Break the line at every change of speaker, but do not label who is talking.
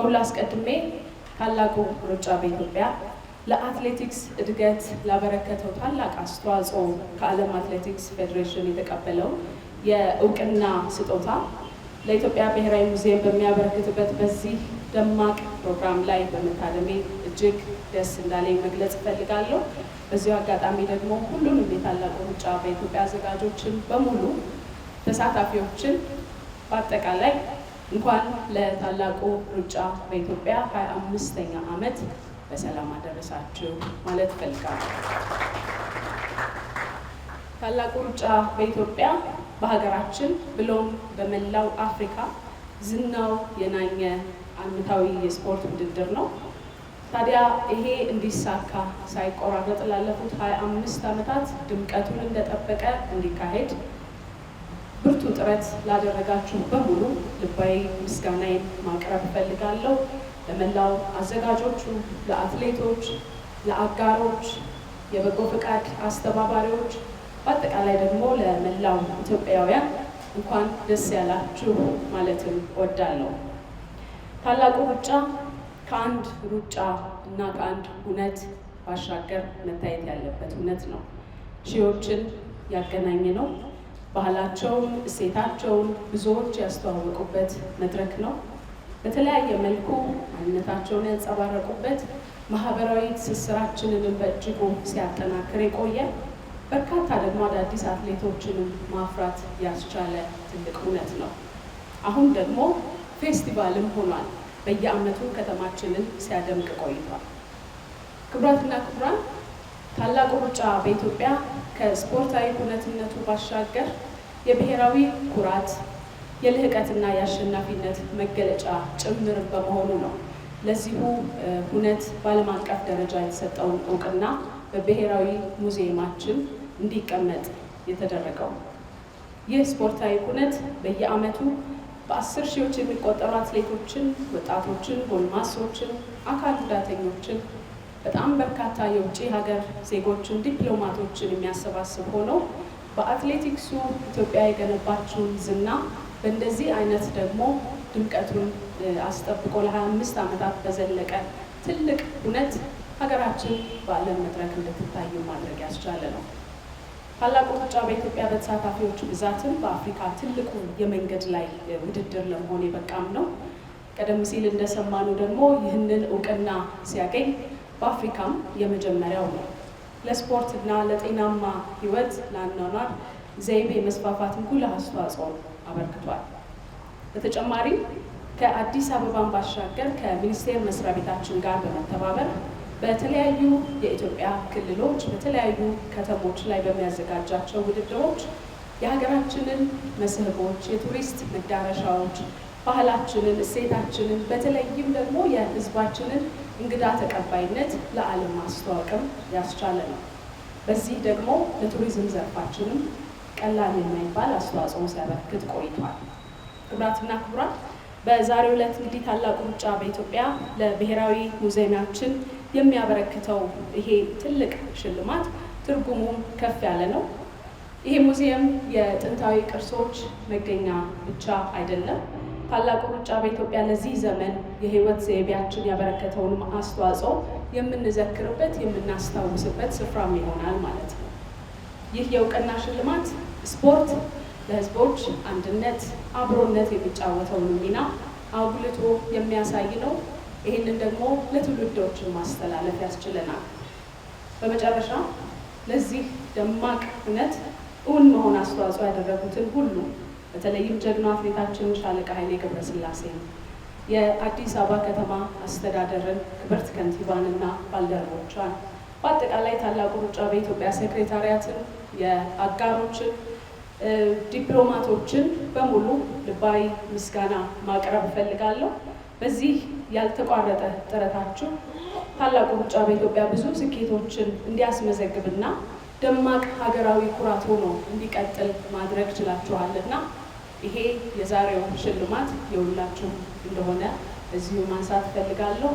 ከሁሉ አስቀድሜ ታላቁ ሩጫ በኢትዮጵያ ለአትሌቲክስ እድገት ላበረከተው ታላቅ አስተዋጽኦ ከዓለም አትሌቲክስ ፌዴሬሽን የተቀበለው የእውቅና ስጦታ ለኢትዮጵያ ብሔራዊ ሙዚየም በሚያበረክትበት በዚህ ደማቅ ፕሮግራም ላይ በመታደሜ እጅግ ደስ እንዳለኝ መግለጽ እፈልጋለሁ። በዚሁ አጋጣሚ ደግሞ ሁሉንም የታላቁ ሩጫ በኢትዮጵያ አዘጋጆችን በሙሉ ተሳታፊዎችን በአጠቃላይ እንኳን ለታላቁ ሩጫ በኢትዮጵያ 25ኛ ዓመት በሰላም አደረሳችሁ ማለት እፈልጋለሁ። ታላቁ ሩጫ በኢትዮጵያ በሀገራችን ብሎም በመላው አፍሪካ ዝናው የናኘ ዓመታዊ የስፖርት ውድድር ነው። ታዲያ ይሄ እንዲሳካ ሳይቆራረጥ ላለፉት 25 ዓመታት ድምቀቱን እንደጠበቀ እንዲካሄድ ብርቱ ጥረት ላደረጋችሁ በሙሉ ልባዊ ምስጋናዬን ማቅረብ እፈልጋለሁ። ለመላው አዘጋጆቹ፣ ለአትሌቶች፣ ለአጋሮች፣ የበጎ ፈቃድ አስተባባሪዎች፣ በአጠቃላይ ደግሞ ለመላው ኢትዮጵያውያን እንኳን ደስ ያላችሁ ማለትም ወዳለሁ። ታላቁ ሩጫ ከአንድ ሩጫ እና ከአንድ እውነት ባሻገር መታየት ያለበት እውነት ነው። ሺዎችን ያገናኝ ነው። ባህላቸውን፣ እሴታቸውን ብዙዎች ያስተዋወቁበት መድረክ ነው። በተለያየ መልኩ ማንነታቸውን ያንጸባረቁበት፣ ማህበራዊ ትስስራችንንም በእጅጉ ሲያጠናክር የቆየ በርካታ ደግሞ አዳዲስ አትሌቶችንም ማፍራት ያስቻለ ትልቅ እውነት ነው። አሁን ደግሞ ፌስቲቫልም ሆኗል። በየአመቱ ከተማችንን ሲያደምቅ ቆይቷል። ክቡራትና ክቡራን ታላቁ ሩጫ በኢትዮጵያ ከስፖርታዊ እውነትነቱ ባሻገር የብሔራዊ ኩራት የልህቀትና የአሸናፊነት መገለጫ ጭምር በመሆኑ ነው። ለዚሁ እውነት በዓለም አቀፍ ደረጃ የተሰጠውን እውቅና በብሔራዊ ሙዚየማችን እንዲቀመጥ የተደረገው ይህ ስፖርታዊ ኩነት በየዓመቱ በአስር ሺዎች የሚቆጠሩ አትሌቶችን፣ ወጣቶችን፣ ጎልማሶችን፣ አካል ጉዳተኞችን በጣም በርካታ የውጭ ሀገር ዜጎችን ዲፕሎማቶችን የሚያሰባስብ ሆኖ በአትሌቲክሱ ኢትዮጵያ የገነባችውን ዝና በእንደዚህ አይነት ደግሞ ድምቀቱን አስጠብቆ ለ25 ዓመታት በዘለቀ ትልቅ እውነት ሀገራችን በዓለም መድረክ እንድትታዩ ማድረግ ያስቻለ ነው። ታላቁ ሩጫ በኢትዮጵያ በተሳታፊዎች ብዛትም በአፍሪካ ትልቁ የመንገድ ላይ ውድድር ለመሆን የበቃም ነው። ቀደም ሲል እንደሰማነው ደግሞ ይህንን እውቅና ሲያገኝ በአፍሪካም የመጀመሪያው ነው። ለስፖርትና ለጤናማ ህይወት ለአኗኗር ዘይቤ መስፋፋትም ጉልህ አስተዋጽኦ አበርክቷል። በተጨማሪም ከአዲስ አበባን ባሻገር ከሚኒስቴር መስሪያ ቤታችን ጋር በመተባበር በተለያዩ የኢትዮጵያ ክልሎች በተለያዩ ከተሞች ላይ በሚያዘጋጃቸው ውድድሮች የሀገራችንን መስህቦች፣ የቱሪስት መዳረሻዎች፣ ባህላችንን፣ እሴታችንን በተለይም ደግሞ የህዝባችንን እንግዳ ተቀባይነት ለዓለም ማስተዋወቅም ያስቻለ ነው። በዚህ ደግሞ ለቱሪዝም ዘርፋችንም ቀላል የማይባል አስተዋጽኦ ሲያበረክት ቆይቷል። ክቡራትና ክቡራት በዛሬው ዕለት እንግዲህ ታላቁ ሩጫ በኢትዮጵያ ለብሔራዊ ሙዚየማችን የሚያበረክተው ይሄ ትልቅ ሽልማት ትርጉሙም ከፍ ያለ ነው። ይሄ ሙዚየም የጥንታዊ ቅርሶች መገኛ ብቻ አይደለም። ታላቁ ሩጫ በኢትዮጵያ ለዚህ ዘመን የህይወት ዘይቤያችን ያበረከተውንም አስተዋጽኦ የምንዘክርበት የምናስታውስበት ስፍራም ይሆናል ማለት ነው። ይህ የእውቅና ሽልማት ስፖርት ለህዝቦች አንድነት፣ አብሮነት የሚጫወተውን ሚና አጉልቶ የሚያሳይ ነው። ይህንን ደግሞ ለትውልዶችን ማስተላለፍ ያስችለናል። በመጨረሻ ለዚህ ደማቅ እውነት እውን መሆን አስተዋጽኦ ያደረጉትን ሁሉ በተለይም ጀግና አትሌታችን ሻለቃ ኃይሌ ገብረስላሴን የአዲስ አበባ ከተማ አስተዳደርን ክብርት ከንቲባንና ባልደረቦቿን በአጠቃላይ ታላቁ ሩጫ በኢትዮጵያ ሴክሬታሪያትን የአጋሮችን ዲፕሎማቶችን በሙሉ ልባዊ ምስጋና ማቅረብ እፈልጋለሁ። በዚህ ያልተቋረጠ ጥረታችሁ ታላቁ ሩጫ በኢትዮጵያ ብዙ ስኬቶችን እንዲያስመዘግብና ደማቅ ሀገራዊ ኩራት ሆኖ እንዲቀጥል ማድረግ ችላችኋል እና ይሄ የዛሬው ሽልማት የሁላችሁ እንደሆነ እዚሁ ማንሳት እፈልጋለሁ።